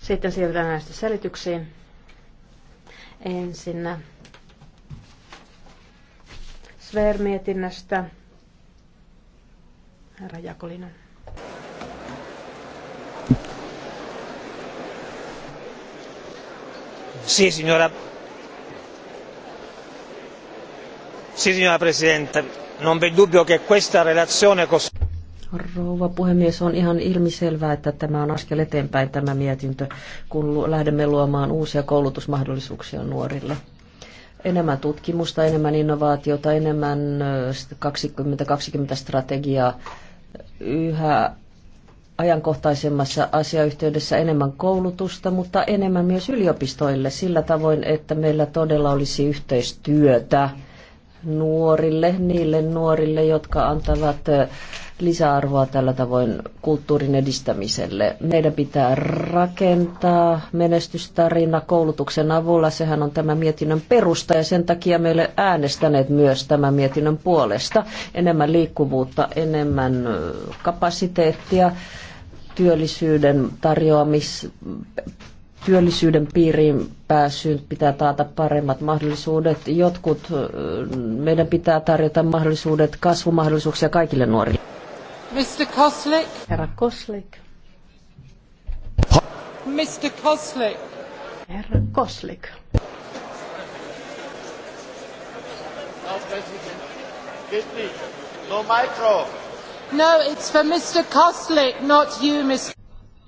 Sitten siirrytään näistä selityksiin. ensin Sver-mietinnöstä. Herra Jakolina. Sí, signora. Sì, signora Presidente, non v'è dubbio che questa relazione così Rouva puhemies, on ihan ilmiselvää, että tämä on askel eteenpäin tämä mietintö, kun lähdemme luomaan uusia koulutusmahdollisuuksia nuorille. Enemmän tutkimusta, enemmän innovaatiota, enemmän 2020 strategiaa, yhä ajankohtaisemmassa asiayhteydessä enemmän koulutusta, mutta enemmän myös yliopistoille sillä tavoin, että meillä todella olisi yhteistyötä nuorille, niille nuorille, jotka antavat lisäarvoa tällä tavoin kulttuurin edistämiselle. Meidän pitää rakentaa menestystarina koulutuksen avulla. Sehän on tämä mietinnön perusta ja sen takia meille äänestäneet myös tämän mietinnön puolesta. Enemmän liikkuvuutta, enemmän kapasiteettia työllisyyden tarjoamis, työllisyyden piiriin pääsyyn pitää taata paremmat mahdollisuudet. Jotkut, meidän pitää tarjota mahdollisuudet, kasvumahdollisuuksia kaikille nuorille. Mr. Koslik. Herra Koslik. Mr. Koslik. Herra Koslik. No, no, no it's for Mr. Koslik, not you, Mr.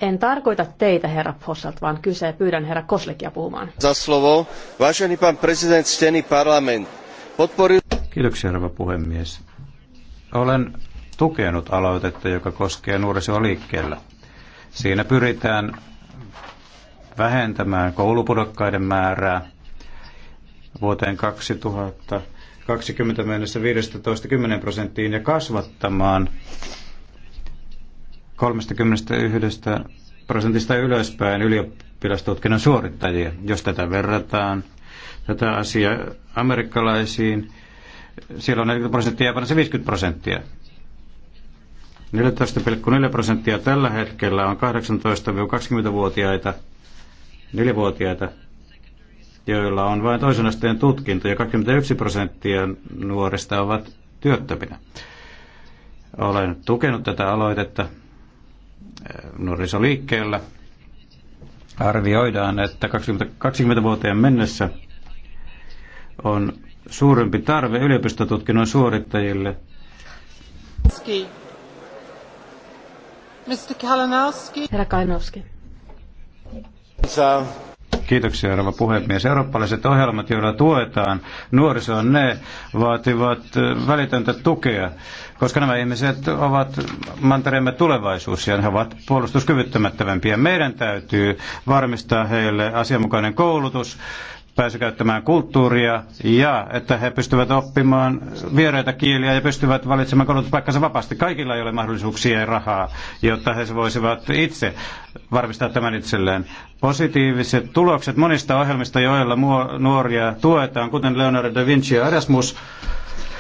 En tarkoita teitä, herra Posselt, vaan kyse pyydän herra Koslikia puhumaan. Za slovo. Vážený pan prezident, steni parlament. Podpori... Kiitoksia, herra puhemies. Olen tukenut aloitetta, joka koskee nuorisoliikkeellä. Siinä pyritään vähentämään koulupudokkaiden määrää vuoteen 2020 mennessä 15-10 prosenttiin ja kasvattamaan 31 prosentista ylöspäin ylioppilastutkinnon suorittajia. Jos tätä verrataan tätä asiaa amerikkalaisiin, siellä on 40 prosenttia ja 50 prosenttia. 14,4 prosenttia tällä hetkellä on 18-20-vuotiaita, 4-vuotiaita, joilla on vain toisen asteen tutkinto ja 21 prosenttia nuorista ovat työttöminä. Olen tukenut tätä aloitetta nuorisoliikkeellä arvioidaan, että 20, vuoteen mennessä on suurempi tarve yliopistotutkinnon suorittajille. Mr. Kalinowski. Herra Kainowski. Kiitoksia, rouva puhemies. Eurooppalaiset ohjelmat, joilla tuetaan nuorisoa, ne vaativat eh, välitöntä tukea, koska nämä ihmiset ovat mantereemme tulevaisuus ja he ovat puolustuskyvyttömättävämpiä. Meidän täytyy varmistaa heille asianmukainen koulutus, pääsy käyttämään kulttuuria ja että he pystyvät oppimaan vieraita kieliä ja pystyvät valitsemaan koulutuspaikkansa vapaasti. Kaikilla ei ole mahdollisuuksia ja rahaa, jotta he voisivat itse varmistaa tämän itselleen. Positiiviset tulokset monista ohjelmista, joilla nuoria tuetaan, kuten Leonardo da Vinci ja Erasmus,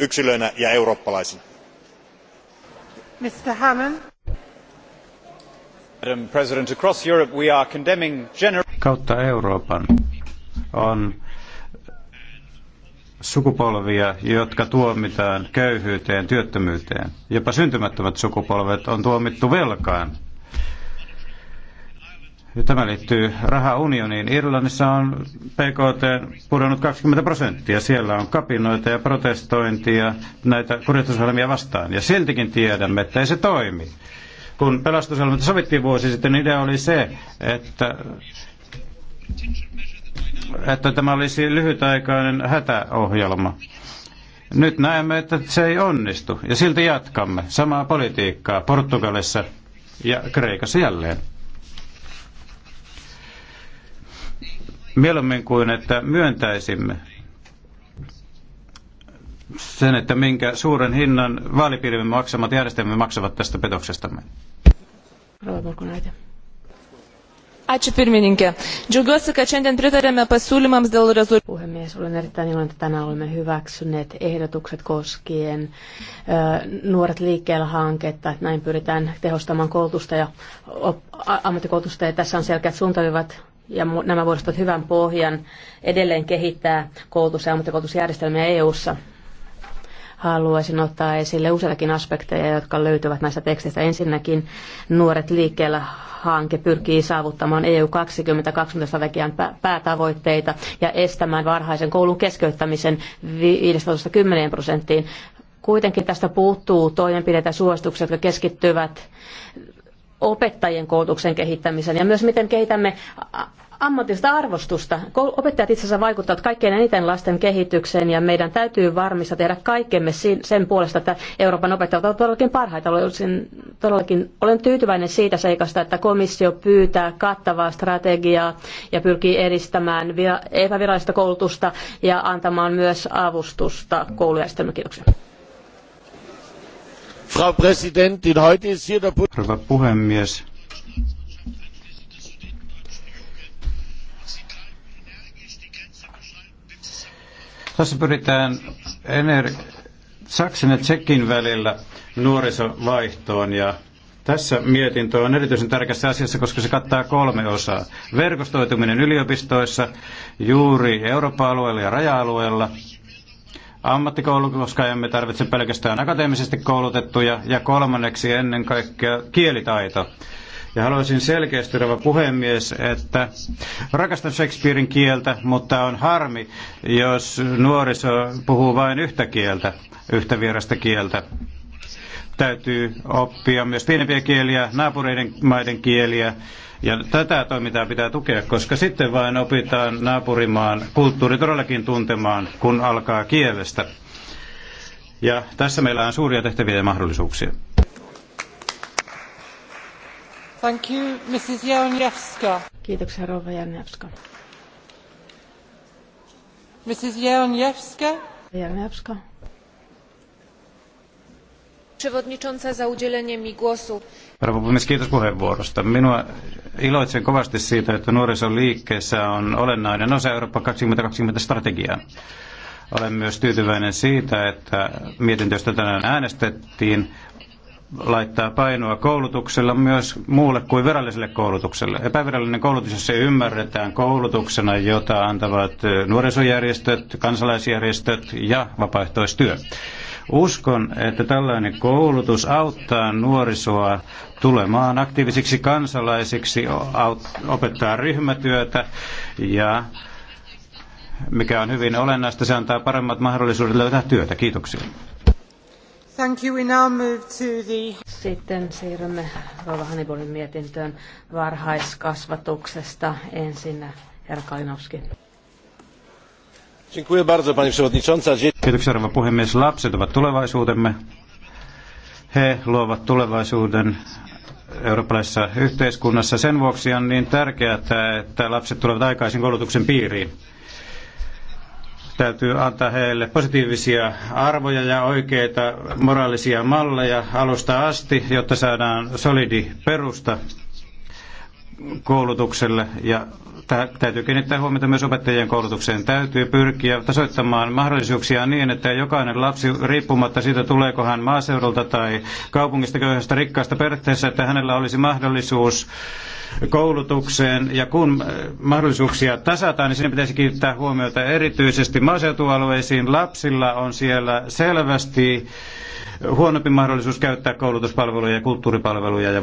yksilöinä ja eurooppalaisina. kautta euroopan on sukupolvia, jotka tuomitaan köyhyyteen, työttömyyteen. Jopa syntymättömät sukupolvet on tuomittu velkaan Tämä liittyy rahaunioniin. Irlannissa on PKT pudonnut 20 prosenttia. Siellä on kapinoita ja protestointia näitä kuljetusohjelmia vastaan. Ja siltikin tiedämme, että ei se toimi. Kun pelastusohjelmat sovittiin vuosi sitten, niin idea oli se, että että tämä olisi lyhytaikainen hätäohjelma. Nyt näemme, että se ei onnistu ja silti jatkamme samaa politiikkaa Portugalissa ja Kreikassa jälleen. mieluummin kuin että myöntäisimme sen, että minkä suuren hinnan vaalipiirimme maksamat järjestelmät maksavat tästä petoksestamme. Ačiū pirmininkė. Džiaugiuosi, kad šiandien pritarėme pasiūlymams dėl rezultatų. Puhemies, olen erittäin iloinen, että tänään olemme hyväksyneet ehdotukset koskien nuoret liikkeellä hanketta. Näin pyritään tehostamaan koulutusta ja ammattikoulutusta ja tässä on selkeät suuntavivat ja nämä muodostavat hyvän pohjan edelleen kehittää koulutus- ja ammattikoulutusjärjestelmiä EU-ssa. Haluaisin ottaa esille useitakin aspekteja, jotka löytyvät näistä teksteistä. Ensinnäkin Nuoret liikkeellä hanke pyrkii saavuttamaan EU 2020 strategian päätavoitteita ja estämään varhaisen koulun keskeyttämisen 15-10 prosenttiin. Kuitenkin tästä puuttuu toimenpiteitä ja suositukset, jotka keskittyvät opettajien koulutuksen kehittämisen ja myös miten kehitämme ammatillista arvostusta. Opettajat itse asiassa vaikuttavat kaikkein eniten lasten kehitykseen ja meidän täytyy varmistaa tehdä kaikkemme sen puolesta, että Euroopan opettajat ovat todellakin parhaita. Olen, todellakin, olen tyytyväinen siitä seikasta, että komissio pyytää kattavaa strategiaa ja pyrkii edistämään epävirallista koulutusta ja antamaan myös avustusta koulujärjestelmän. Kiitoksia. Frau Präsidentin, heute ist hier der... Rouva puhemies, Tässä pyritään ener- Saksan ja Tsekin välillä nuorisovaihtoon ja tässä mietintö on erityisen tärkeässä asiassa, koska se kattaa kolme osaa. Verkostoituminen yliopistoissa, juuri Eurooppa-alueella ja raja-alueella, ammattikoulu, koska emme tarvitse pelkästään akateemisesti koulutettuja, ja kolmanneksi ennen kaikkea kielitaito. Ja haluaisin selkeästi, rouva puhemies, että rakastan Shakespearein kieltä, mutta on harmi, jos nuoriso puhuu vain yhtä kieltä, yhtä vierasta kieltä. Täytyy oppia myös pienempiä kieliä, naapureiden maiden kieliä, ja tätä toimintaa pitää tukea, koska sitten vain opitaan naapurimaan kulttuuri todellakin tuntemaan, kun alkaa kielestä. Ja tässä meillä on suuria tehtäviä ja mahdollisuuksia. Thank you, Mrs. Jaunjewska. Kiitoksia, rouva Jaunjewska. Mrs. Jaunjewska. Jaunjewska. Rouva puhemies, kiitos puheenvuorosta. Minua iloitsen kovasti siitä, että nuorisoliikkeessä on olennainen osa Eurooppa 2020 strategiaa. Olen myös tyytyväinen siitä, että mietintöstä tänään äänestettiin laittaa painoa koulutuksella myös muulle kuin viralliselle koulutukselle. Epävirallinen koulutus, jos se ymmärretään koulutuksena, jota antavat nuorisojärjestöt, kansalaisjärjestöt ja vapaaehtoistyö. Uskon, että tällainen koulutus auttaa nuorisoa tulemaan aktiivisiksi kansalaisiksi, opettaa ryhmätyötä ja mikä on hyvin olennaista, se antaa paremmat mahdollisuudet löytää työtä. Kiitoksia. Thank you. We now move to the... Sitten siirrymme Rova Hannibalin mietintöön varhaiskasvatuksesta. Ensin herra Kalinowski. Dziękuję Kiitoksia, rouva puhemies. Lapset ovat tulevaisuutemme. He luovat tulevaisuuden eurooppalaisessa yhteiskunnassa. Sen vuoksi on niin tärkeää, että lapset tulevat aikaisin koulutuksen piiriin. Täytyy antaa heille positiivisia arvoja ja oikeita moraalisia malleja alusta asti, jotta saadaan solidi perusta koulutukselle ja täytyy kiinnittää huomiota myös opettajien koulutukseen. Täytyy pyrkiä tasoittamaan mahdollisuuksia niin, että jokainen lapsi, riippumatta siitä tuleeko hän maaseudulta tai kaupungista köyhästä rikkaasta perheestä, että hänellä olisi mahdollisuus koulutukseen ja kun äh, mahdollisuuksia tasataan, niin siinä pitäisi kiinnittää huomiota erityisesti maaseutualueisiin. Lapsilla on siellä selvästi huonompi mahdollisuus käyttää koulutuspalveluja ja kulttuuripalveluja ja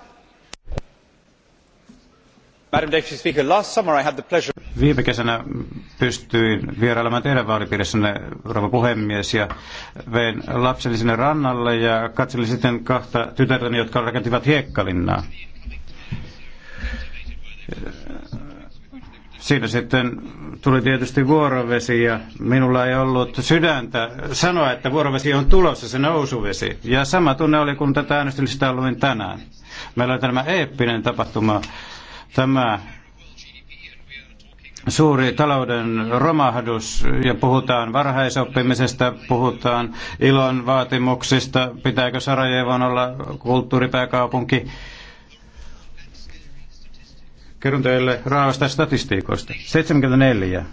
Viime kesänä pystyin vierailemaan teidän vaalipiirissänne, rouva puhemies, ja vein lapseni sinne rannalle ja katselin sitten kahta tytärtäni, jotka rakentivat hiekkalinnaa. Siinä sitten tuli tietysti vuorovesi ja minulla ei ollut sydäntä sanoa, että vuorovesi on tulossa, se nousuvesi. Ja sama tunne oli, kun tätä äänestystä luin tänään. Meillä oli tämä eeppinen tapahtuma Tämä suuri talouden romahdus ja puhutaan varhaisoppimisesta, puhutaan ilon vaatimuksista, pitääkö Sarajevon olla kulttuuripääkaupunki. Kerron teille raavasta statistiikoista. 74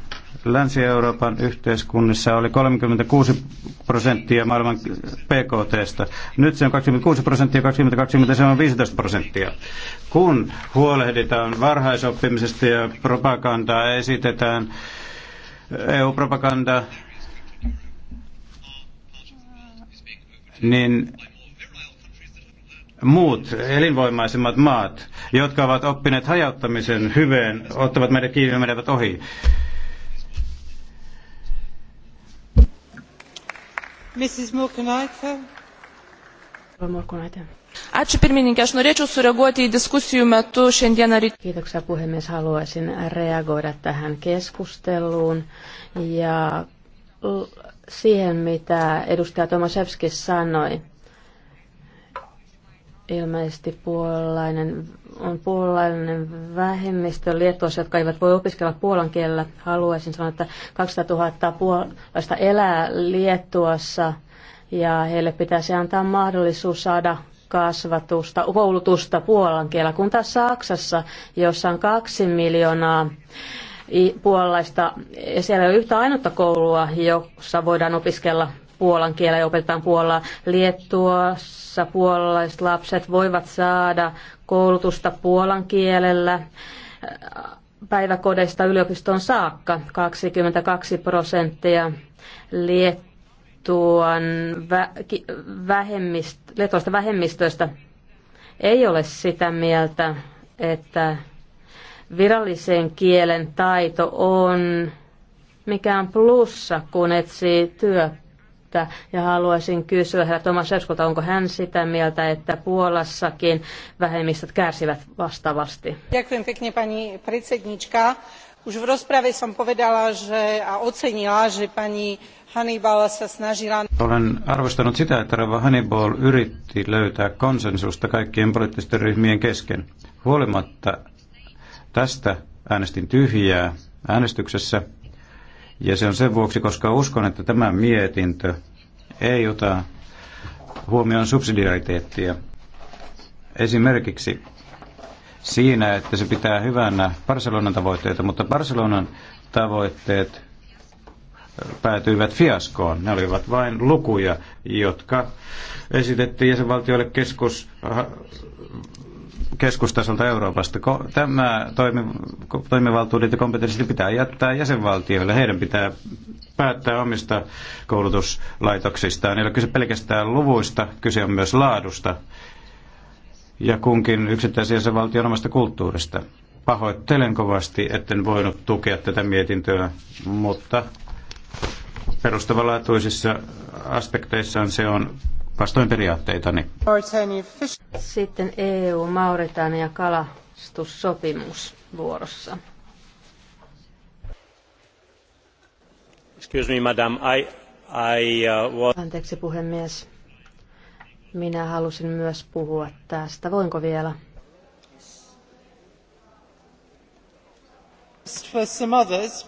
Länsi-Euroopan yhteiskunnissa oli 36 prosenttia maailman PKTstä. Nyt se on 26 prosenttia, 2020 se on 15 prosenttia. Kun huolehditaan varhaisoppimisesta ja propagandaa esitetään, EU-propaganda, niin muut elinvoimaisimmat maat, jotka ovat oppineet hajauttamisen hyveen, ottavat meidät kiinni ja menevät ohi. aš norėčiau sureaguoti į diskusijų metu šiandieną ryte. Kiitoksia puhemies. Haluaisin reagoida tähän keskusteluun ja siihen, mitä edustaja Tomaszewski sanoi. Ilmeisesti puolalainen on puolalainen vähemmistö Lietuossa, jotka eivät voi opiskella puolan kielellä. Haluaisin sanoa, että 200 000 puolalaista elää Lietuossa ja heille pitäisi antaa mahdollisuus saada kasvatusta, koulutusta puolan kielellä, kun taas Saksassa, jossa on kaksi miljoonaa puolalaista, siellä ei ole yhtä ainutta koulua, jossa voidaan opiskella puolan kielellä ja opetetaan puolaa. Liettuassa puolalaiset lapset voivat saada koulutusta puolan kielellä päiväkodeista yliopiston saakka. 22 prosenttia Liettuan vähemmistö, vähemmistöistä ei ole sitä mieltä, että virallisen kielen taito on mikään plussa, kun etsii työpaikkaa että, ja haluaisin kysyä herra Tomas Eskolta, onko hän sitä mieltä, että Puolassakin vähemmistöt kärsivät vastaavasti? Ďakujem pekne pani predsednička. Už v rozprave som povedala že, a ocenila, že pani Hannibal sa snažila... Olen arvostanut sitä, että Rava Hannibal yritti löytää konsensusta kaikkien poliittisten ryhmien kesken. Huolimatta tästä äänestin tyhjää äänestyksessä ja se on sen vuoksi, koska uskon, että tämä mietintö ei ota huomioon subsidiariteettia. Esimerkiksi siinä, että se pitää hyvänä Barcelonan tavoitteita, mutta Barcelonan tavoitteet päätyivät fiaskoon. Ne olivat vain lukuja, jotka esitettiin jäsenvaltioille keskus keskustasolta Euroopasta. Tämä toimi, toimivaltuudet ja kompetenssit pitää jättää jäsenvaltioille. Heidän pitää päättää omista koulutuslaitoksistaan. Ei ole kyse pelkästään luvuista, kyse on myös laadusta ja kunkin yksittäisen jäsenvaltion omasta kulttuurista. Pahoittelen kovasti, etten voinut tukea tätä mietintöä, mutta perustavanlaatuisissa aspekteissaan se on vastoin periaatteitani. Sitten EU, Mauritania kalastussopimus vuorossa. Excuse me, madam. I, I, uh, was... Anteeksi puhemies. Minä halusin myös puhua tästä. Voinko vielä? For some others.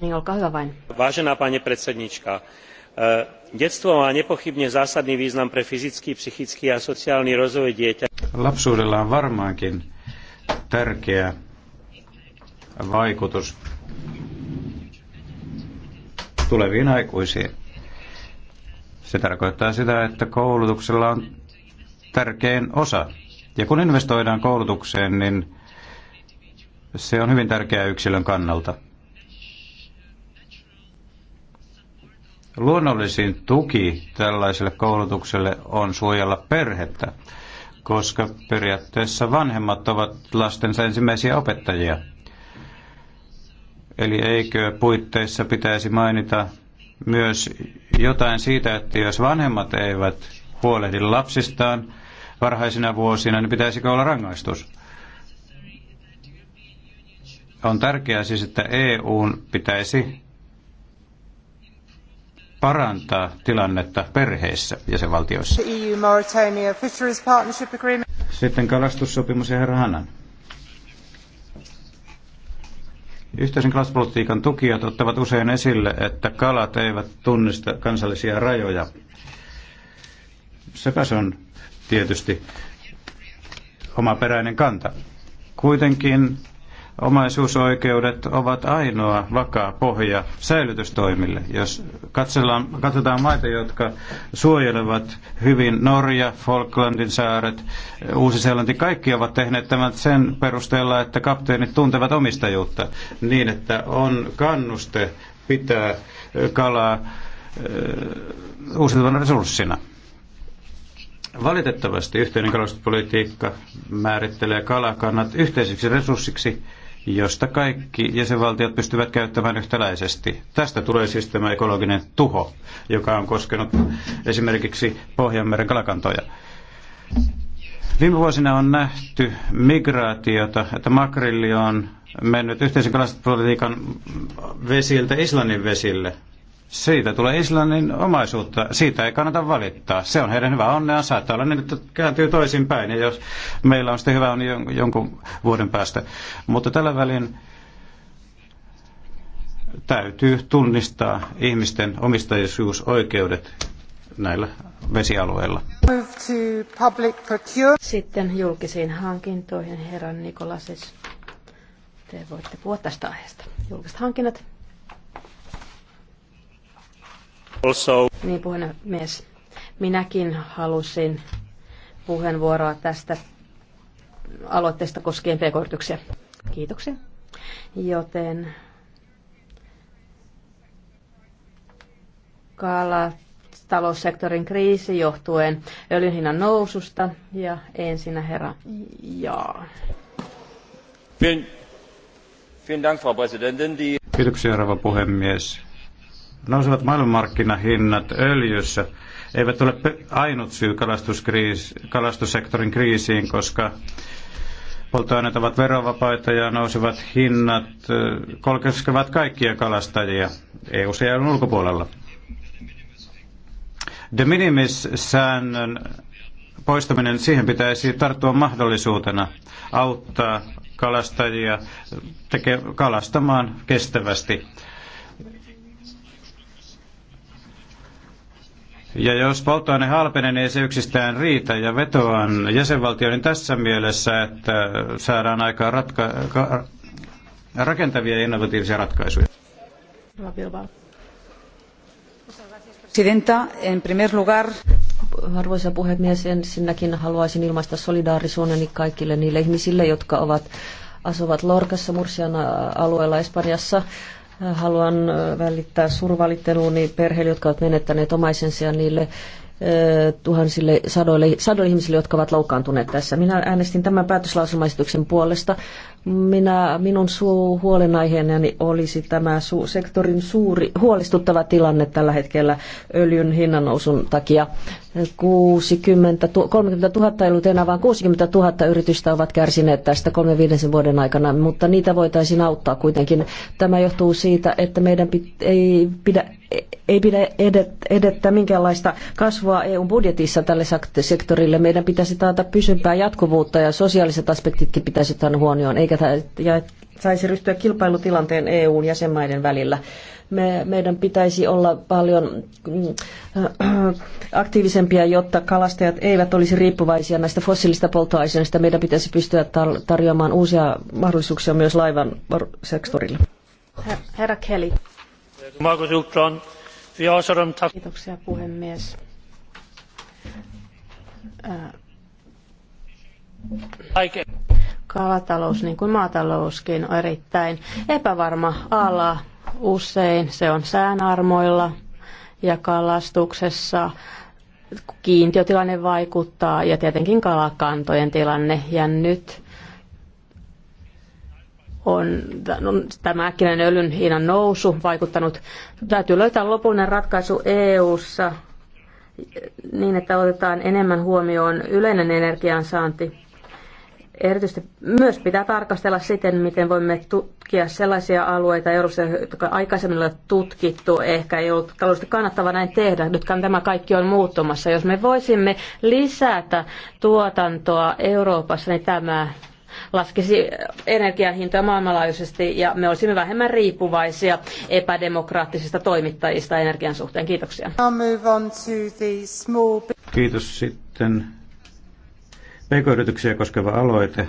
Niin, Vážená pani predsednička, e, detstvo má nepochybne zásadný význam pre fyzický, psychický a sociálny rozvoj dieťaťa Lapsuudella on varmaankin tärkeä vaikutus tuleviin aikuisiin. Se tarkoittaa sitä, että koulutuksella on tärkein osa. Ja kun investoidaan koulutukseen, niin se on hyvin tärkeää yksilön kannalta. Luonnollisin tuki tällaiselle koulutukselle on suojella perhettä, koska periaatteessa vanhemmat ovat lastensa ensimmäisiä opettajia. Eli eikö puitteissa pitäisi mainita myös jotain siitä, että jos vanhemmat eivät huolehdi lapsistaan varhaisina vuosina, niin pitäisikö olla rangaistus? On tärkeää siis, että EUn pitäisi parantaa tilannetta perheissä ja sen valtioissa. Sitten kalastussopimus ja herra Hannan. Yhteisen kalastuspolitiikan tukijat ottavat usein esille, että kalat eivät tunnista kansallisia rajoja. Sepä se on tietysti omaperäinen kanta. Kuitenkin Omaisuusoikeudet ovat ainoa vakaa pohja säilytystoimille. Jos katsellaan, katsotaan maita, jotka suojelevat hyvin Norja, Falklandin saaret, Uusi-Seelanti, kaikki ovat tehneet tämän sen perusteella, että kapteenit tuntevat omistajuutta niin, että on kannuste pitää kalaa uusiutuvan resurssina. Valitettavasti yhteinen kalastuspolitiikka määrittelee kalakannat yhteisiksi resurssiksi, josta kaikki jäsenvaltiot pystyvät käyttämään yhtäläisesti. Tästä tulee siis tämä ekologinen tuho, joka on koskenut esimerkiksi Pohjanmeren kalakantoja. Viime vuosina on nähty migraatiota, että makrilli on mennyt yhteisen kalastuspolitiikan vesiltä Islannin vesille. Siitä tulee Islannin omaisuutta. Siitä ei kannata valittaa. Se on heidän hyvä onnea. Saattaa olla niin, että kääntyy toisinpäin. Ja jos meillä on sitten hyvä on niin jonkun vuoden päästä. Mutta tällä välin täytyy tunnistaa ihmisten omistajuusoikeudet näillä vesialueilla. Sitten julkisiin hankintoihin, herra Nikolasis. Te voitte puhua tästä aiheesta. Julkiset hankinnat. Also. Niin puhemies, minäkin halusin puheenvuoroa tästä aloitteesta koskien pk-yrityksiä. Kiitoksia. Joten kalataloussektorin kriisi johtuen öljyn hinnan noususta ja ensinnä herra Jaa. Vielen, vielen Dank, Frau Präsidentin. Kiitoksia, rouva puhemies nousevat maailmanmarkkinahinnat öljyssä eivät ole ainut syy kalastussektorin kriisiin, koska polttoaineet ovat verovapaita ja nousevat hinnat kolkeskevat kaikkia kalastajia eu ja ulkopuolella. De minimis-säännön poistaminen, siihen pitäisi tarttua mahdollisuutena auttaa kalastajia teke, kalastamaan kestävästi. Ja jos polttoaine halpenee, niin ei se yksistään riitä. Ja vetoan jäsenvaltioiden tässä mielessä, että saadaan aikaan ratka- rakentavia ja innovatiivisia ratkaisuja. Presidenta, en primer lugar... Arvoisa puhemies, ensinnäkin haluaisin ilmaista solidaarisuudeni kaikille niille ihmisille, jotka ovat, asuvat Lorkassa, Mursian alueella Espanjassa Haluan välittää survalitteluni perheille, jotka ovat menettäneet omaisensa ja niille tuhansille, sadoille, sadoille ihmisille, jotka ovat loukkaantuneet tässä. Minä äänestin tämän päätöslausumaisetuksen puolesta, minä, minun suu huolenaiheeni olisi tämä su, sektorin suuri huolestuttava tilanne tällä hetkellä öljyn hinnannousun takia. 60, 30 000 ei ollut enää, vaan 60 000 yritystä ovat kärsineet tästä kolme 5 vuoden aikana, mutta niitä voitaisiin auttaa kuitenkin. Tämä johtuu siitä, että meidän ei pidä ei pidä edettää minkäänlaista kasvua eu budjetissa tälle sektorille. Meidän pitäisi taata pysympää jatkuvuutta ja sosiaaliset aspektitkin pitäisi ottaa huomioon, eikä ja saisi ryhtyä kilpailutilanteen EUn jäsenmaiden välillä. Me, meidän pitäisi olla paljon mm, äh, aktiivisempia, jotta kalastajat eivät olisi riippuvaisia näistä fossiilista polttoaineista. Meidän pitäisi pystyä tar- tarjoamaan uusia mahdollisuuksia myös laivan Her- Herra Kelly. Kiitoksia puhemies. Äh. Kalatalous, niin kuin maatalouskin, on erittäin epävarma ala. Usein se on säänarmoilla ja kalastuksessa kiintiötilanne vaikuttaa ja tietenkin kalakantojen tilanne. Ja nyt on tämä äkkinen öljyn hinnan nousu vaikuttanut. Täytyy löytää lopullinen ratkaisu EU-ssa niin, että otetaan enemmän huomioon yleinen energiansaanti Erityisesti myös pitää tarkastella siten, miten voimme tutkia sellaisia alueita Euroopassa, jotka aikaisemmin on tutkittu, ehkä ei ollut taloudellisesti kannattava näin tehdä. Nyt tämä kaikki on muuttumassa. Jos me voisimme lisätä tuotantoa Euroopassa, niin tämä laskisi energian maailmanlaajuisesti ja me olisimme vähemmän riippuvaisia epädemokraattisista toimittajista energian suhteen. Kiitoksia. Kiitos sitten PK-yrityksiä koskeva aloite.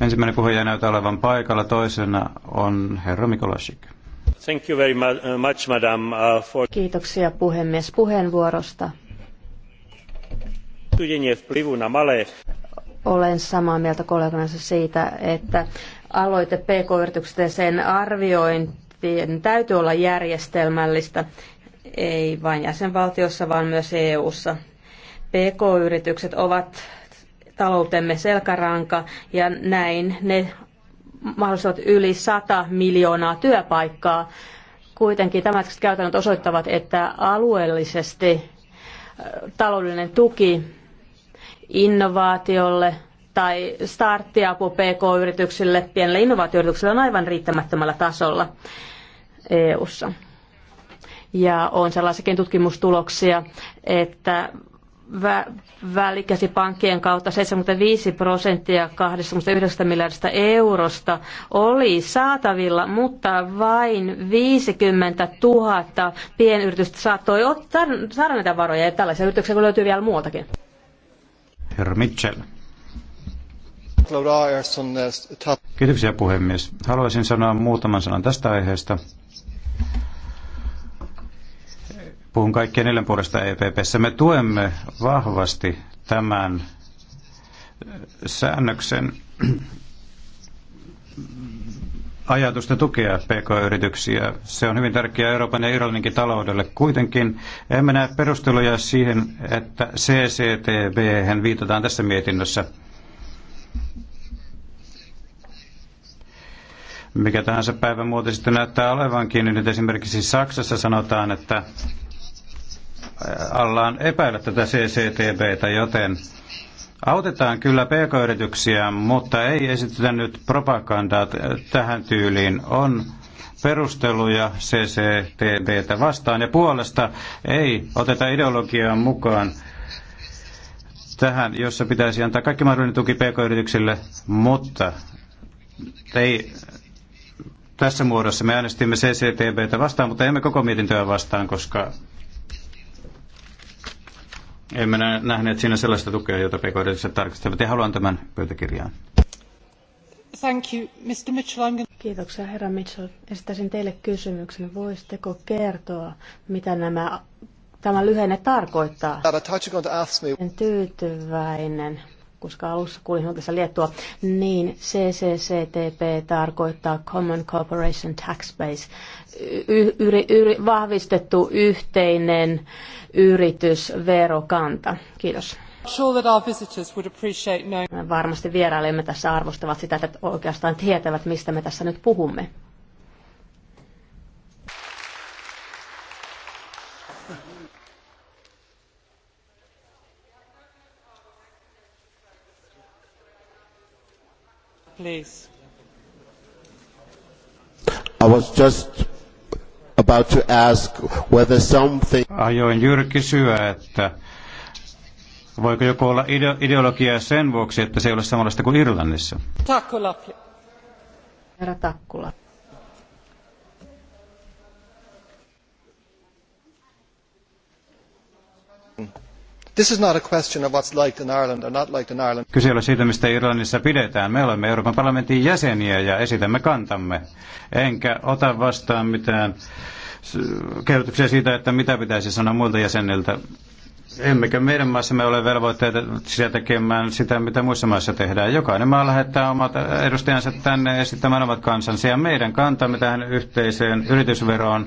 Ensimmäinen puhuja näyttää olevan paikalla, toisena on herra Mikolasik. Thank you very much, madam, uh, for... Kiitoksia puhemies puheenvuorosta. Olen samaa mieltä kollegansa siitä, että aloite pk ja sen arviointien täytyy olla järjestelmällistä, ei vain jäsenvaltiossa, vaan myös EU-ssa. PK-yritykset ovat taloutemme selkäranka ja näin ne mahdollistavat yli 100 miljoonaa työpaikkaa. Kuitenkin tämä käytännöt osoittavat, että alueellisesti taloudellinen tuki innovaatiolle tai starttiapu PK-yrityksille, pienille innovaatioyrityksille on aivan riittämättömällä tasolla EU:ssa. Ja on sellaisiakin tutkimustuloksia, että vä- pankkien kautta 75 prosenttia 29 miljardista eurosta oli saatavilla, mutta vain 50 000 pienyritystä saattoi ottaa, saada näitä varoja, ja tällaisia yrityksiä löytyy vielä muutakin. Herra Mitchell. Uh, Kiitoksia puhemies. Haluaisin sanoa muutaman sanan tästä aiheesta. Puhun kaikkien neljän puolesta EPPssä. Me tuemme vahvasti tämän äh, säännöksen ajatusta tukea PK-yrityksiä. Se on hyvin tärkeää Euroopan ja Irlanninkin taloudelle. Kuitenkin emme näe perusteluja siihen, että CCTB viitataan tässä mietinnössä. Mikä tahansa päivän muoto sitten näyttää olevankin, niin nyt esimerkiksi Saksassa sanotaan, että allaan epäillä tätä CCTBtä, joten autetaan kyllä pk-yrityksiä, mutta ei esitetä nyt propagandaa tähän tyyliin. On perusteluja CCTBtä vastaan ja puolesta ei oteta ideologiaa mukaan tähän, jossa pitäisi antaa kaikki mahdollinen tuki pk-yrityksille, mutta ei tässä muodossa. Me äänestimme CCTBtä vastaan, mutta emme koko mietintöä vastaan, koska emme nähneet siinä sellaista tukea, jota pk edelliset tarkastelevat, ja haluan tämän pöytäkirjaan. Thank you. Mr. Mitchell, I'm Kiitoksia, herra Mitchell. Esittäisin teille kysymyksen. Voisitteko kertoa, mitä nämä, tämä lyhenne tarkoittaa? Olen tyytyväinen koska alussa kuulin tässä liettua, niin CCCTP tarkoittaa Common Corporation Tax Base, y- y- y- vahvistettu yhteinen yritysverokanta. Kiitos. Varmasti vierailemme tässä arvostavat sitä, että oikeastaan tietävät, mistä me tässä nyt puhumme. please. I was just about to ask whether something... Ajoin juuri kysyä, että voiko joku olla ide- ideologiaa sen vuoksi, että se ei ole samanlaista kuin Irlannissa. Takkula. Herra Takkula. This is not a question of what's liked in Ireland or not liked in Ireland. Kyse ei ole siitä, mistä Irlannissa pidetään. Me olemme Euroopan parlamentin jäseniä ja esitämme kantamme. Enkä ota vastaan mitään kehotuksia siitä, että mitä pitäisi sanoa muilta jäseniltä. Emmekä meidän maassamme ole velvoitteita sitä tekemään sitä, mitä muissa maissa tehdään. Jokainen maa lähettää omat edustajansa tänne esittämään omat kansansa ja meidän kantamme tähän yhteiseen yritysveroon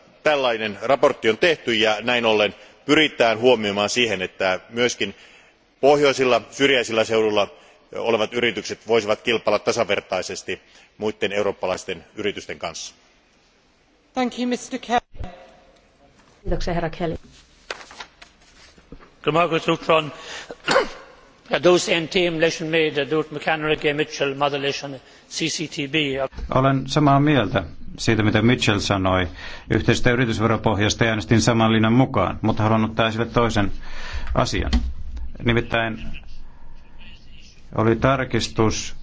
tällainen mietintö on tehty ja näin ollen pyritään huomioimaan se että myös pohjoisilla syrjäisillä seuduilla olevat yritykset voisivat kilpailla tasavertaisesti muiden eurooppalaisten yritysten kanssa. Olen samaa mieltä siitä, mitä Mitchell sanoi. Yhteisestä yritysveropohjasta äänestin saman linjan mukaan, mutta haluan ottaa esille toisen asian. Nimittäin oli tarkistus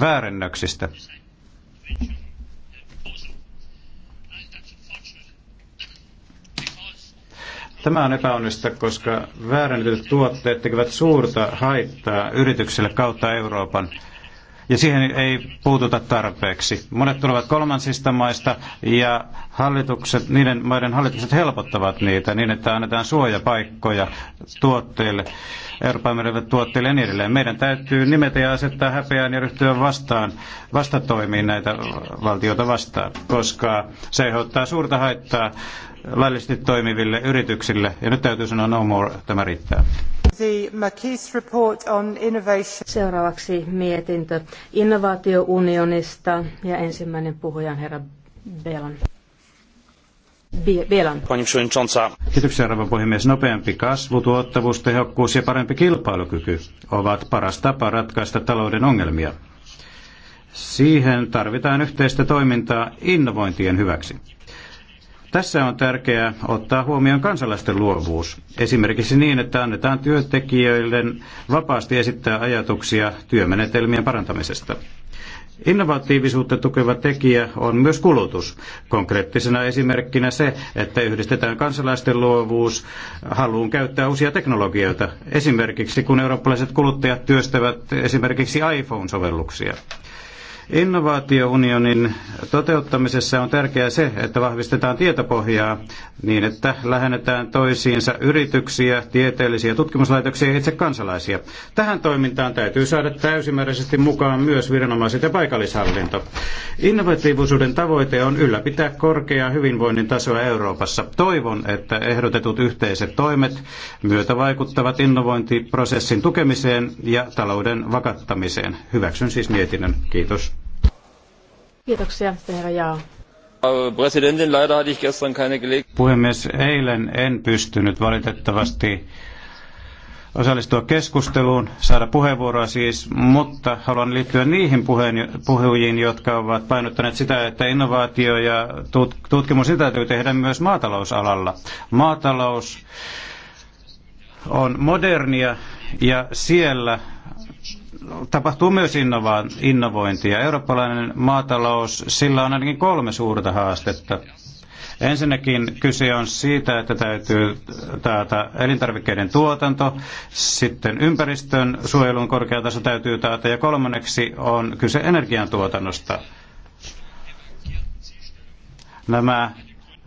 väärennöksistä. Tämä on epäonnista, koska väärennetyt tuotteet tekevät suurta haittaa yrityksille kautta Euroopan. Ja siihen ei puututa tarpeeksi. Monet tulevat kolmansista maista ja hallitukset, niiden maiden hallitukset helpottavat niitä niin, että annetaan suojapaikkoja tuotteille, Euroopan meneville tuotteille ja niin edelleen. Meidän täytyy nimetä ja asettaa häpeään ja ryhtyä vastaan, vastatoimiin näitä valtioita vastaan, koska se aiheuttaa suurta haittaa laillisesti toimiville yrityksille. Ja nyt täytyy sanoa no more, tämä riittää. Seuraavaksi mietintö innovaatiounionista ja ensimmäinen puhuja on herra Belan. Kiitoksia, arvo puhemies. Nopeampi kasvu, tuottavuus, tehokkuus ja parempi kilpailukyky ovat paras tapa ratkaista talouden ongelmia. Siihen tarvitaan yhteistä toimintaa innovointien hyväksi. Tässä on tärkeää ottaa huomioon kansalaisten luovuus. Esimerkiksi niin, että annetaan työntekijöille vapaasti esittää ajatuksia työmenetelmien parantamisesta. Innovatiivisuutta tukeva tekijä on myös kulutus. Konkreettisena esimerkkinä se, että yhdistetään kansalaisten luovuus haluun käyttää uusia teknologioita. Esimerkiksi kun eurooppalaiset kuluttajat työstävät esimerkiksi iPhone-sovelluksia. Innovaatiounionin toteuttamisessa on tärkeää se, että vahvistetaan tietopohjaa niin, että lähennetään toisiinsa yrityksiä, tieteellisiä tutkimuslaitoksia ja itse kansalaisia. Tähän toimintaan täytyy saada täysimääräisesti mukaan myös viranomaiset ja paikallishallinto. Innovatiivisuuden tavoite on ylläpitää korkeaa hyvinvoinnin tasoa Euroopassa. Toivon, että ehdotetut yhteiset toimet myötävaikuttavat innovointiprosessin tukemiseen ja talouden vakattamiseen. Hyväksyn siis mietinnön. Kiitos. Kiitoksia, herra Jao. Puhemies, eilen en pystynyt valitettavasti osallistua keskusteluun, saada puheenvuoroa siis, mutta haluan liittyä niihin puheen, puhujiin, jotka ovat painottaneet sitä, että innovaatio ja tutkimus sitä täytyy tehdä myös maatalousalalla. Maatalous on modernia ja siellä tapahtuu myös innovointia. Eurooppalainen maatalous, sillä on ainakin kolme suurta haastetta. Ensinnäkin kyse on siitä, että täytyy taata elintarvikkeiden tuotanto, sitten ympäristön suojelun korkeataso täytyy taata ja kolmanneksi on kyse energiantuotannosta. Nämä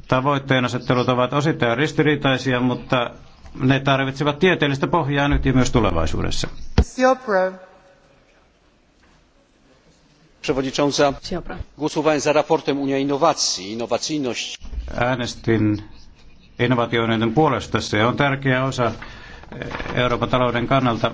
tavoitteen asettelut ovat osittain ristiriitaisia, mutta ne tarvitsevat tieteellistä pohjaa nyt ja myös tulevaisuudessa przewodnicząca! głosowałem za sprawozdaniem unia innowacji innowacyjność. äänestin innovaatioiden puolesta. se on tärkeä osa eh, Euroopan talouden kannalta.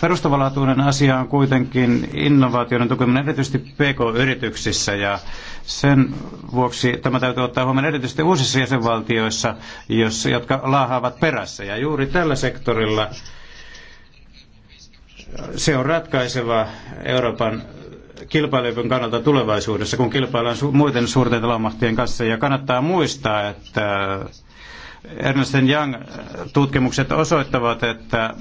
Perustavanlaatuinen asia on kuitenkin innovaatioiden tukeminen erityisesti PK-yrityksissä ja sen vuoksi tämä täytyy ottaa huomioon erityisesti uusissa jäsenvaltioissa, jos, jotka laahaavat perässä. Ja juuri tällä sektorilla se on ratkaiseva Euroopan kilpailijan kannalta tulevaisuudessa, kun kilpaillaan su- muiden suurten talomahtien kanssa. Ja kannattaa muistaa, että Ernst Young tutkimukset osoittavat, että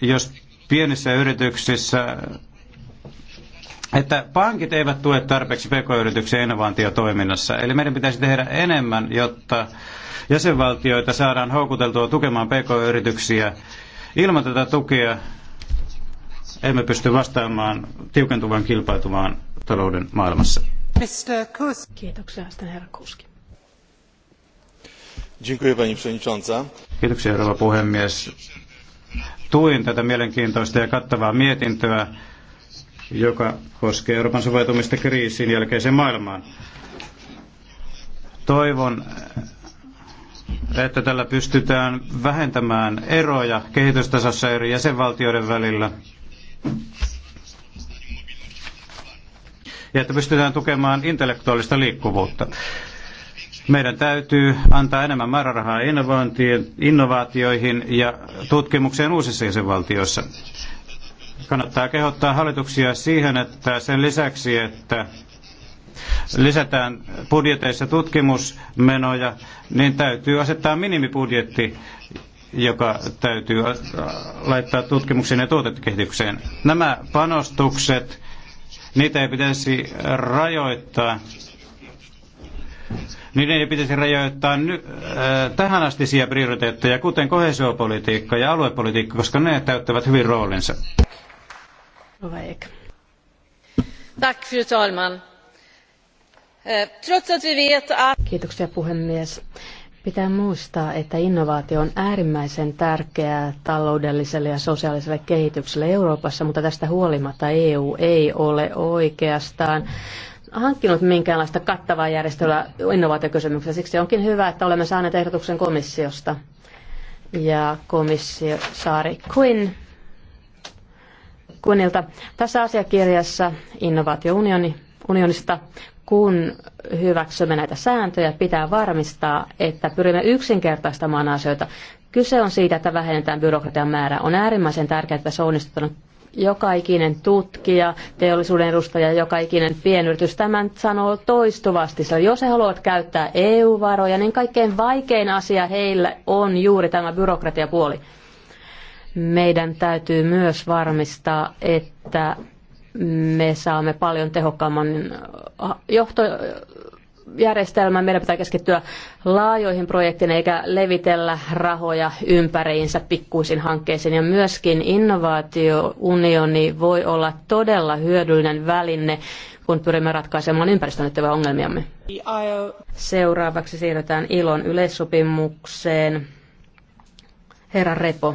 jos pienissä yrityksissä että pankit eivät tue tarpeeksi pk-yrityksiä innovaatiotoiminnassa. Eli meidän pitäisi tehdä enemmän, jotta jäsenvaltioita saadaan houkuteltua tukemaan pk-yrityksiä. Ilman tätä tukea emme pysty vastaamaan tiukentuvan kilpailtuvaan talouden maailmassa. Kiitoksia, sitten herra Kuski. Kiitoksia, rouva puhemies. Tuin tätä mielenkiintoista ja kattavaa mietintöä, joka koskee Euroopan soveltumista kriisin jälkeiseen maailmaan. Toivon, että tällä pystytään vähentämään eroja kehitystasossa eri jäsenvaltioiden välillä – ja että pystytään tukemaan intellektuaalista liikkuvuutta. Meidän täytyy antaa enemmän määrärahaa innovaatioihin ja tutkimukseen uusissa jäsenvaltioissa. Kannattaa kehottaa hallituksia siihen, että sen lisäksi, että lisätään budjeteissa tutkimusmenoja, niin täytyy asettaa minimibudjetti, joka täytyy äh, laittaa tutkimukseen ja tuotekehitykseen. Nämä panostukset, niitä ei pitäisi rajoittaa. Niiden ei pitäisi rajoittaa ny, äh, tähänastisia prioriteetteja, kuten kohesiopolitiikka ja aluepolitiikka, koska ne täyttävät hyvin roolinsa. Tack, fru talman. Eh, trots att vi vet att... Kiitoksia puhemies. Pitää muistaa, että innovaatio on äärimmäisen tärkeää taloudelliselle ja sosiaaliselle kehitykselle Euroopassa, mutta tästä huolimatta EU ei ole oikeastaan hankkinut minkäänlaista kattavaa järjestelyä innovaatiokysymyksessä. Siksi onkin hyvä, että olemme saaneet ehdotuksen komissiosta. Ja komissiosaari Quinn Kunnilta. Tässä asiakirjassa innovaatiounionista unionista kun hyväksymme näitä sääntöjä, pitää varmistaa, että pyrimme yksinkertaistamaan asioita. Kyse on siitä, että vähennetään byrokratian määrää. On äärimmäisen tärkeää, että se on onnistunut joka ikinen tutkija, teollisuuden edustaja, joka ikinen pienyritys tämän sanoo toistuvasti. Sillä jos he haluavat käyttää EU-varoja, niin kaikkein vaikein asia heillä on juuri tämä byrokratiapuoli. Meidän täytyy myös varmistaa, että me saamme paljon tehokkaamman äh, johtojärjestelmän. Äh, Meidän pitää keskittyä laajoihin projektiin eikä levitellä rahoja ympäriinsä pikkuisiin hankkeisiin. Ja myöskin innovaatiounioni voi olla todella hyödyllinen väline, kun pyrimme ratkaisemaan ympäristön ongelmiamme. Seuraavaksi siirrytään ilon yleissopimukseen. Herra Repo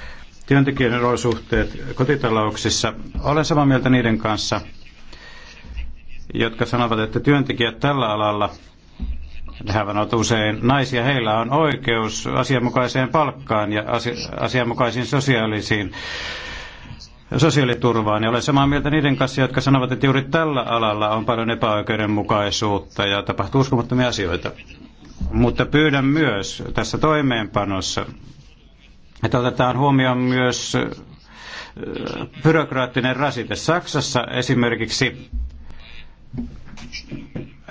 työntekijöiden olosuhteet kotitalouksissa. Olen samaa mieltä niiden kanssa, jotka sanovat, että työntekijät tällä alalla, nehän ovat usein naisia, heillä on oikeus asianmukaiseen palkkaan ja asianmukaisiin sosiaalisiin sosiaaliturvaan. Ja olen samaa mieltä niiden kanssa, jotka sanovat, että juuri tällä alalla on paljon epäoikeudenmukaisuutta ja tapahtuu uskomattomia asioita. Mutta pyydän myös tässä toimeenpanossa että otetaan huomioon myös byrokraattinen rasite. Saksassa esimerkiksi,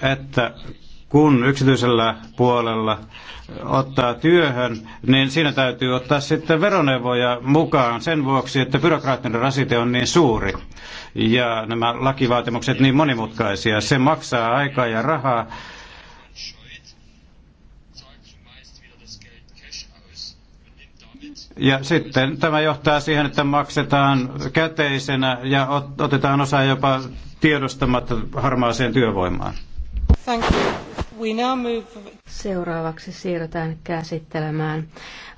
että kun yksityisellä puolella ottaa työhön, niin siinä täytyy ottaa sitten veroneuvoja mukaan sen vuoksi, että byrokraattinen rasite on niin suuri ja nämä lakivaatimukset niin monimutkaisia. Se maksaa aikaa ja rahaa Ja sitten tämä johtaa siihen, että maksetaan käteisenä ja ot- otetaan osa jopa tiedostamatta harmaaseen työvoimaan. Thank you. We now move... Seuraavaksi siirrytään käsittelemään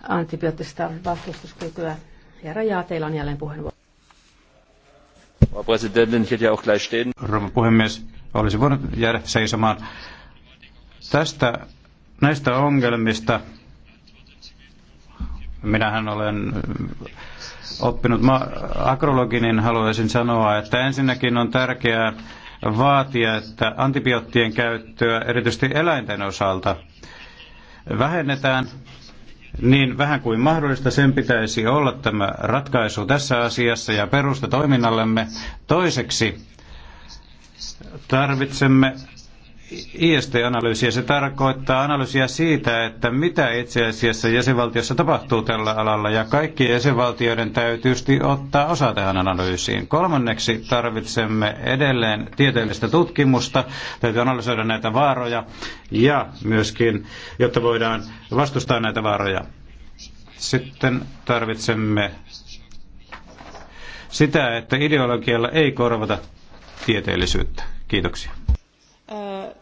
antibioottista vastustuskykyä. Herra Jaa, teillä on jälleen puheenvuoro. Rouva puhemies, olisi voinut jäädä seisomaan. Tästä, näistä ongelmista Minähän olen äh, oppinut ma- niin haluaisin sanoa, että ensinnäkin on tärkeää vaatia, että antibioottien käyttöä erityisesti eläinten osalta vähennetään niin vähän kuin mahdollista sen pitäisi olla tämä ratkaisu tässä asiassa ja perusta toiminnallemme. Toiseksi tarvitsemme IST-analyysiä. Se tarkoittaa analyysiä siitä, että mitä itse asiassa jäsenvaltiossa tapahtuu tällä alalla, ja kaikkien jäsenvaltioiden täytyy ottaa osa tähän analyysiin. Kolmanneksi tarvitsemme edelleen tieteellistä tutkimusta, täytyy analysoida näitä vaaroja, ja myöskin, jotta voidaan vastustaa näitä vaaroja. Sitten tarvitsemme sitä, että ideologialla ei korvata tieteellisyyttä. Kiitoksia. Uh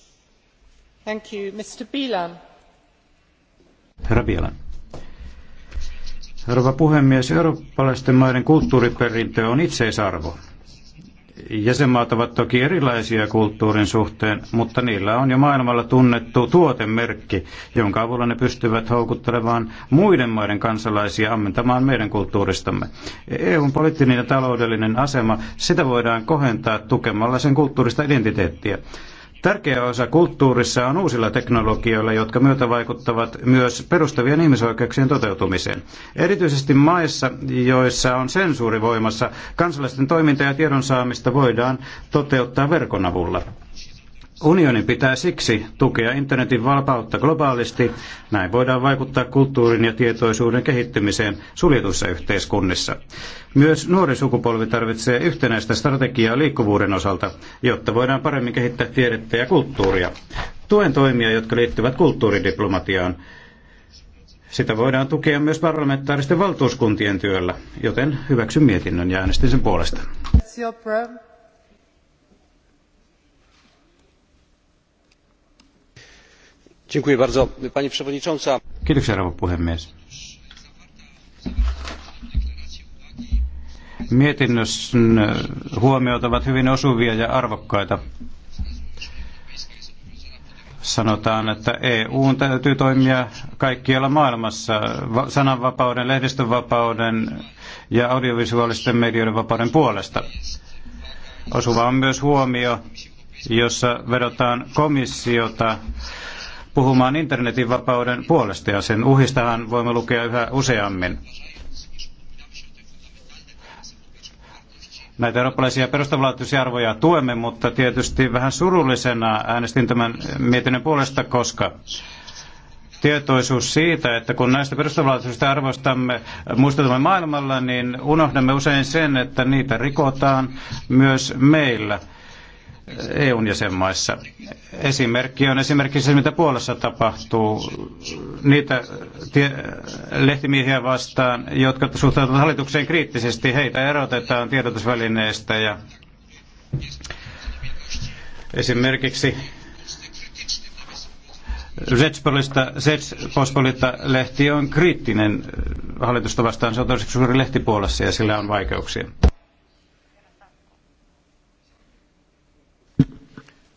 arvoisa puhemies, eurooppalaisten maiden kulttuuriperintö on itseisarvo. Jäsenmaat ovat toki erilaisia kulttuurin suhteen, mutta niillä on jo maailmalla tunnettu tuotemerkki, jonka avulla ne pystyvät houkuttelemaan muiden maiden kansalaisia ammentamaan meidän kulttuuristamme. EUn e poliittinen ja taloudellinen asema, sitä voidaan kohentaa tukemalla sen kulttuurista identiteettiä. Tärkeä osa kulttuurissa on uusilla teknologioilla, jotka myötävaikuttavat myös perustavien ihmisoikeuksien toteutumiseen. Erityisesti maissa, joissa on sensuuri voimassa, kansalaisten toiminta ja tiedon saamista voidaan toteuttaa verkon avulla. Unionin pitää siksi tukea internetin vapautta globaalisti. Näin voidaan vaikuttaa kulttuurin ja tietoisuuden kehittymiseen suljetuissa yhteiskunnissa. Myös nuori sukupolvi tarvitsee yhtenäistä strategiaa liikkuvuuden osalta, jotta voidaan paremmin kehittää tiedettä ja kulttuuria. Tuen toimia, jotka liittyvät kulttuuridiplomatiaan. Sitä voidaan tukea myös parlamentaaristen valtuuskuntien työllä, joten hyväksyn mietinnön ja äänestin sen puolesta. Kiitoksia, rouva puhemies. Mietinnössä huomiot ovat hyvin osuvia ja arvokkaita. Sanotaan, että EU täytyy toimia kaikkialla maailmassa sananvapauden, lehdistönvapauden ja audiovisuaalisten medioiden vapauden puolesta. Osuva on myös huomio, jossa vedotaan komissiota puhumaan internetin vapauden puolesta ja sen uhistahan voimme lukea yhä useammin. Näitä eurooppalaisia perustavanlaatuisia arvoja tuemme, mutta tietysti vähän surullisena äänestin tämän mietinnön puolesta, koska tietoisuus siitä, että kun näistä perustavanlaatuisista arvoistamme muistutamme maailmalla, niin unohdamme usein sen, että niitä rikotaan myös meillä. EUn jäsenmaissa. Esimerkki on esimerkiksi se, mitä Puolassa tapahtuu niitä tie- lehtimiehiä vastaan, jotka suhtautuvat hallitukseen kriittisesti. Heitä erotetaan tiedotusvälineistä ja esimerkiksi Zetspospolita lehti on kriittinen hallitusta vastaan. Se on toiseksi suuri lehti Puolassa ja sillä on vaikeuksia.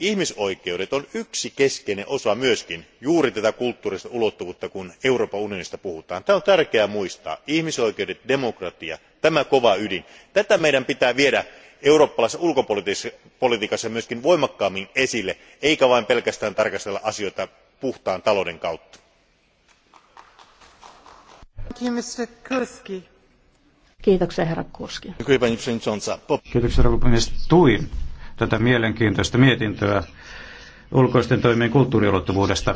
ihmisoikeudet ovat yksi keskeinen osa myös juuri tätä kulttuurista ulottuvuutta kun euroopan unionista puhutaan. tämä on tärkeää muistaa ihmisoikeudet demokratia tämä kova ydin. tätä meidän pitää viedä eurooppalaisessa ulkopolitiikassa myös voimakkaammin esille eikä vain pelkästään tarkastella asioita puhtaan talouden kautta. tuin tätä mielenkiintoista mietintöä ulkoisten toimien kulttuuriulottuvuudesta.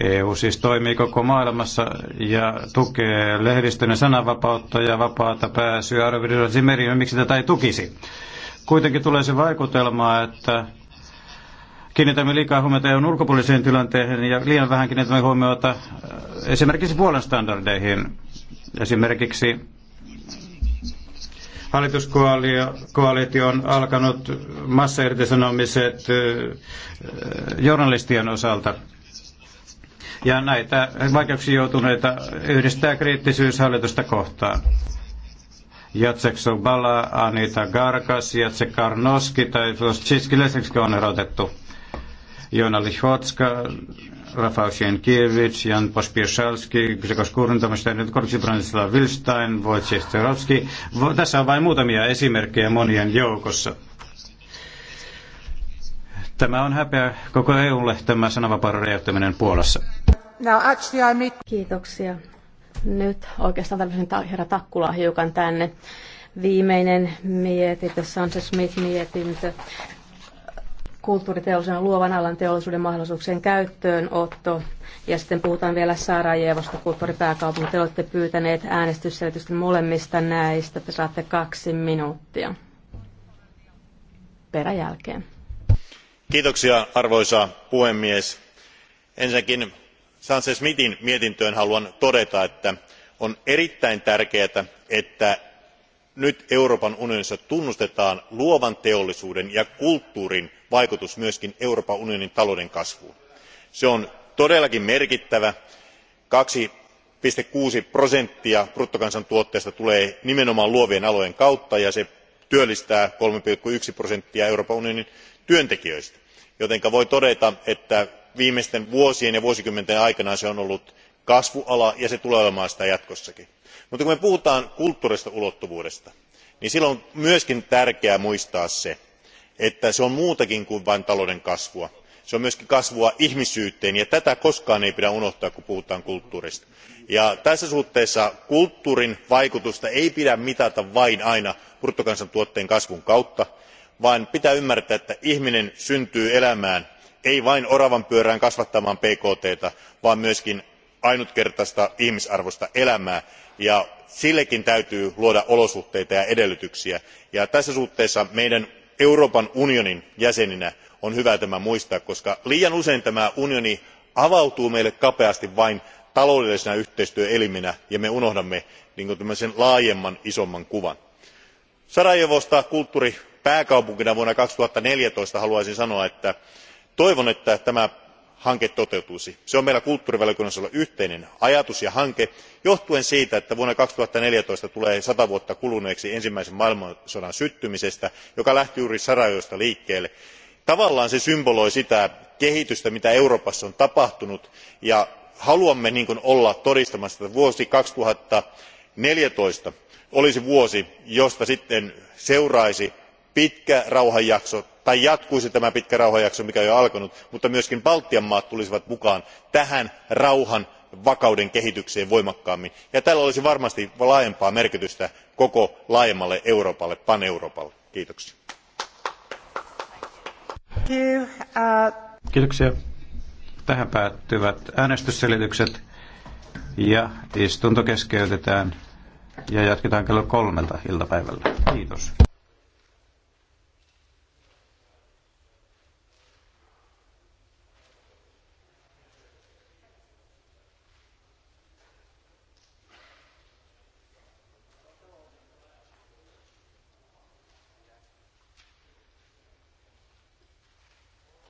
EU siis toimii koko maailmassa ja tukee lehdistön ja sananvapautta ja vapaata pääsyä arvioidaan meriin, miksi tätä ei tukisi. Kuitenkin tulee se vaikutelma, että kiinnitämme liikaa huomiota EUn ulkopuoliseen tilanteeseen ja liian vähän kiinnitämme huomiota äh, esimerkiksi puolen standardeihin. Esimerkiksi Hallituskoalitio on alkanut massairtisanomiset journalistien osalta. Ja näitä vaikeuksia joutuneita yhdistää kriittisyys hallitusta kohtaan. Jacek Sobala, Anita Garkas, Jacek Karnoski tai Tsiski Lesekski on erotettu. Joona Lihotska, Rafał Sienkiewicz, Jan Pospieszalski, Grzegorz Tarnet Korpsi, Bronisław Wilstein, Wojciech Sterowski. Tässä on vain muutamia esimerkkejä monien joukossa. Tämä on häpeä koko EUlle, tämä sananvapauden rajoittaminen Puolassa. Kiitoksia. Nyt oikeastaan tarvitsen herra takkula hiukan tänne. Viimeinen mietintö, Sanchez Smith mietintö kulttuuriteollisuuden luovan alan teollisuuden mahdollisuuksien käyttöönotto. Ja sitten puhutaan vielä Sarajevosta, kulttuuripääkaupunki. Te olette pyytäneet äänestysselitystä molemmista näistä. Te saatte kaksi minuuttia peräjälkeen. Kiitoksia arvoisa puhemies. Ensinnäkin Sanse Smithin mietintöön haluan todeta, että on erittäin tärkeää, että nyt euroopan unionissa tunnustetaan luovan teollisuuden ja kulttuurin vaikutus myös euroopan unionin talouden kasvuun. se on todellakin merkittävä kaksi kuusi prosenttia bruttokansantuotteesta tulee nimenomaan luovien alojen kautta ja se työllistää kolme yksi prosenttia euroopan unionin työntekijöistä joten voi todeta että viimeisten vuosien ja vuosikymmenten aikana se on ollut kasvuala ja se tulee olemaan sitä jatkossakin. mutta kun me puhumme kulttuurisesta ulottuvuudesta niin silloin on myös tärkeää muistaa se että se on muutakin kuin vain talouden kasvua se on myös kasvua ihmisyyteen ja tätä koskaan ei pidä unohtaa kun puhutaan kulttuurista. tässä suhteessa kulttuurin vaikutusta ei pidä mitata vain aina bruttokansantuotteen kasvun kautta vaan pitää ymmärtää että ihminen syntyy elämään ei vain oravanpyörään kasvattamaan bkt ta vaan myös ainutkertaista ihmisarvoista elämää ja sillekin täytyy luoda olosuhteita ja edellytyksiä. tässä suhteessa meidän euroopan unionin jäsenenä on hyvä tämä muistaa koska liian usein tämä unioni avautuu meille kapeasti vain taloudellisena yhteistyöelimenä ja me unohdamme niin laajemman isomman kuvan. sarajevosta kulttuuripääkaupunkina vuonna kaksituhatta neljätoista haluaisin sanoa että toivon että tämä hanke toteutuisi. se on meillä kulttuurivaliokunnassa ollut yhteinen ajatus ja hanke johtuen siitä että vuonna kaksituhatta neljätoista tulee sata vuotta kuluneeksi ensimmäisen maailmansodan syttymisestä joka lähti juuri sarajevosta liikkeelle. tavallaan se symboloi sitä kehitystä mitä euroopassa on tapahtunut ja haluamme niin olla todistamassa että vuosi kaksituhatta neljätoista olisi vuosi josta sitten seuraisi pitkä rauhanjakso tai jatkuisi tämä pitkä rauhanjakso joka on jo alkanut mutta myös baltian maat tulisivat mukaan tähän rauhan ja vakauden kehitykseen voimakkaammin ja tällä olisi varmasti laajempaa merkitystä koko laajemmalle euroopalle pan euroopalle. kiitoksia. Uh, kiitoksia. Tähän päättyvät äänestysselitykset ja istunto keskeytetään ja jatketaan kello kolmelta iltapäivällä. Kiitos.